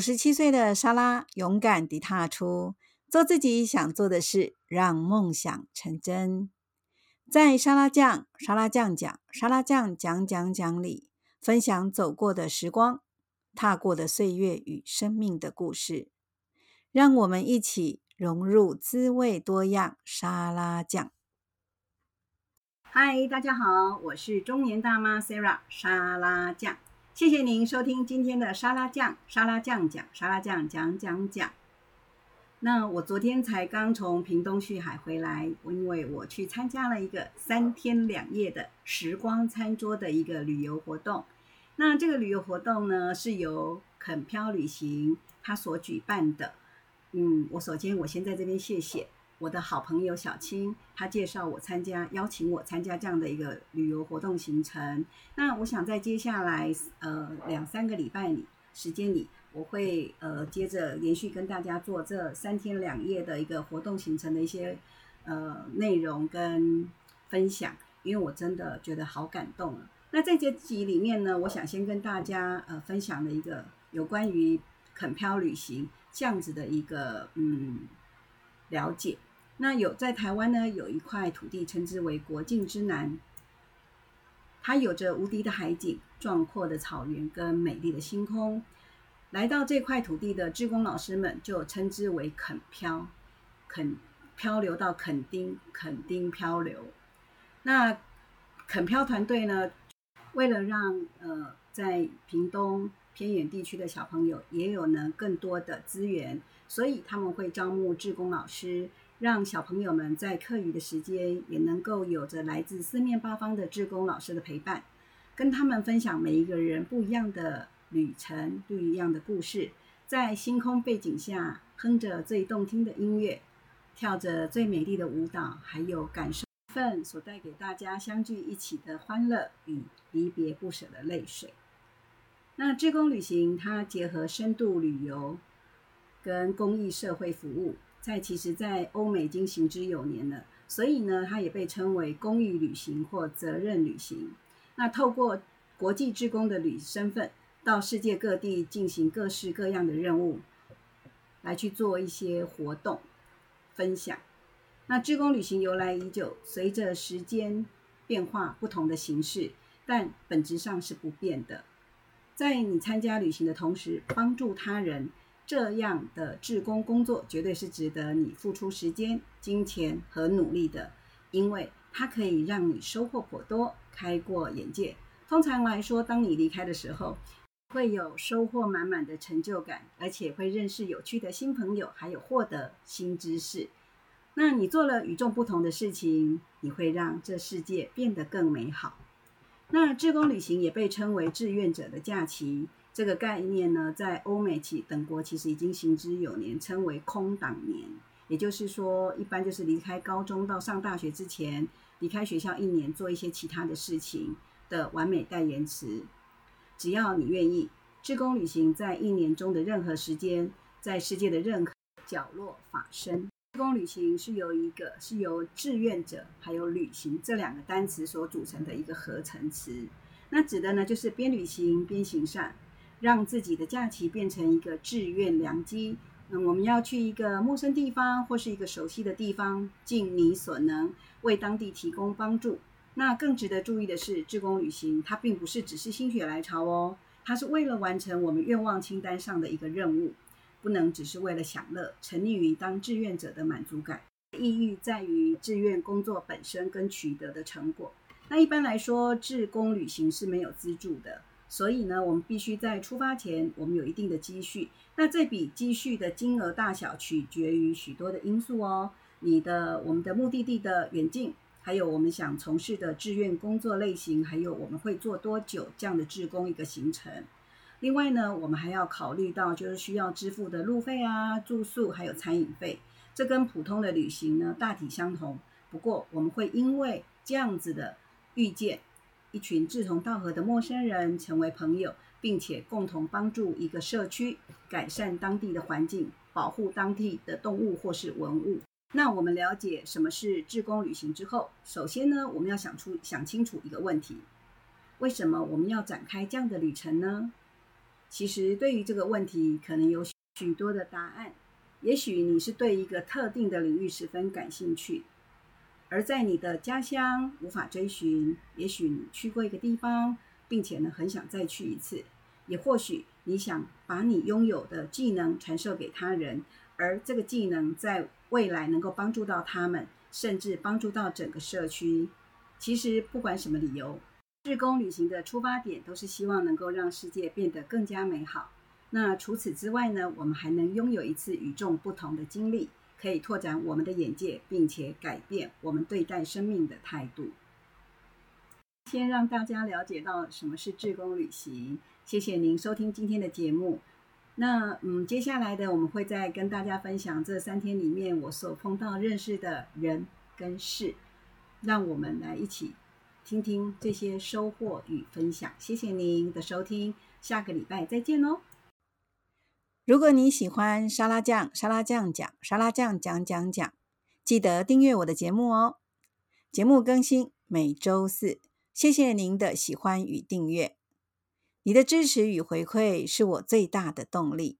五十七歲的莎拉勇敢地踏出，做自己想做的事，讓夢想成真。在莎拉醬，沙拉醬講，沙拉醬講講講，講裡，分享走過的時光、踏過的歲月與生命的故事。讓我們一起融入滋味多樣沙拉醬。嗨，大家好，我是中年大媽 Sarah 沙拉醬。謝謝您收聽今天的沙拉醬，沙拉醬講沙拉醬講講講。那我昨天才剛從屏東旭海回來，因為我去參加了一個三天兩夜的時光餐桌的一個旅遊活動。那這個旅遊活動呢，是由墾漂旅行他所舉辦的。嗯，我首先我先在這邊謝謝。我的好朋友小青，她介紹我參加，邀請我參加這樣的一個旅遊活動行程。那我想在接下來呃兩三個禮拜裡時間裡，我會呃接着連續跟大家做這三天兩夜的一個活動行程的一些呃內容跟分享，因為我真的覺得好感動啊。那在這集裡面呢，我想先跟大家呃分享的一個有關於墾漂旅行這樣子的一個嗯了解。那有在台灣呢，有一塊土地稱之為國境之南，它有着無敵的海景、壯闊的草原跟美麗的星空。來到這塊土地的志工老師們就稱之為墾漂，墾漂流到墾丁，墾丁漂流。那墾漂團隊呢，為了讓呃在屏東偏遠地區的小朋友也有呢更多的資源，所以他們會招募志工老師。讓小朋友們在課餘的時間也能夠有着來自四面八方的志工老師的陪伴，跟他們分享每一個人不一樣的旅程、不一樣的故事，在星空背景下哼着最動聽的音樂，跳着最美麗的舞蹈，還有感受緣份所帶給大家相聚一起的歡樂與離別不舍的淚水。那志工旅行它結合深度旅遊。跟公益社會服務，它其實，在歐美已經行之有年了，所以呢，它也被稱為公益旅行或責任旅行。那透過國際志工的旅身份，到世界各地進行各式各樣的任務，來去做一些活動分享。那志工旅行由來已久，隨着時間變化不同的形式，但本質上是不變的。在你參加旅行的同時，幫助他人。這樣的志工工作絕對是值得你付出時間、金錢和努力的，因為它可以讓你收穫頗多、開闊眼界。通常來說，當你離開的時候，會有收穫滿滿的成就感，而且會認識有趣的新朋友，還有獲得新知識。那你做了與眾不同的事情，你會讓這世界變得更美好。那志工旅行也被稱為志願者的假期。這個概念呢，在歐美其等國其實已經行之有年，稱為空檔年，也就是說，一般就是離開高中到上大學之前，離開學校一年，做一些其他的事情的完美代言詞。只要你願意，志工旅行在一年中的任何時間，在世界的任何角落發生。志工旅行是由一個是由志願者還有旅行這兩個單詞所組成的一個合成詞，那指的呢，就是邊旅行邊行善。讓自己的假期變成一個志願良機。嗯，我們要去一個陌生地方或是一個熟悉的地方，盡你所能為當地提供幫助。那更值得注意的是，志工旅行它並不是只是心血來潮哦，它是為了完成我們願望清單上的一個任務，不能只是為了享樂、沉溺於當志願者的滿足感，意義在於志願工作本身跟取得的成果。那一般來說，志工旅行是沒有資助的。所以呢，我們必須在出發前，我們有一定的積蓄。那這筆積蓄的金額大小取決於許多的因素哦。你的我們的目的地的遠近，還有我們想從事的志願工作類型，還有我們會做多久這樣的志工一個行程。另外呢，我們還要考慮到就是需要支付的路費啊、住宿還有餐飲費，這跟普通的旅行呢大體相同。不過我們會因為這樣子的遇見，一群志同道合的陌生人成為朋友，並且共同幫助一個社區改善當地的環境，保護當地的動物或是文物。那我們了解什麼是志工旅行之後，首先呢，我們要想出想清楚一個問題，為什麼我們要展開這樣的旅程呢？其實對於這個問題，可能有許多的答案。也許你是對一個特定的領域十分感興趣。而在你的家鄉無法追尋，也許你去過一個地方，並且呢很想再去一次，也或許你想把你擁有的技能傳授給他人，而這個技能在未來能夠幫助到他們，甚至幫助到整個社區。其實不管什麼理由，志工旅行的出發點都是希望能夠讓世界變得更加美好。那除此之外呢，我們還能擁有一次與眾不同的經歷。可以拓展我們的眼界，並且改變我們對待生命的態度。先讓大家了解到什麼是志工旅行。謝謝您收聽今天的節目。那嗯，接下來的我們會再跟大家分享這三天裡面我所碰到認識的人跟事。讓我們來一起聽聽這些收穫與分享。謝謝您的收聽，下個禮拜再見哦。如果你喜歡沙拉醬，沙拉醬醬，沙拉醬醬醬醬，記得訂閱我的節目哦。節目更新每周四，謝謝您的喜歡與訂閱，你的支持與回饋是我最大的動力。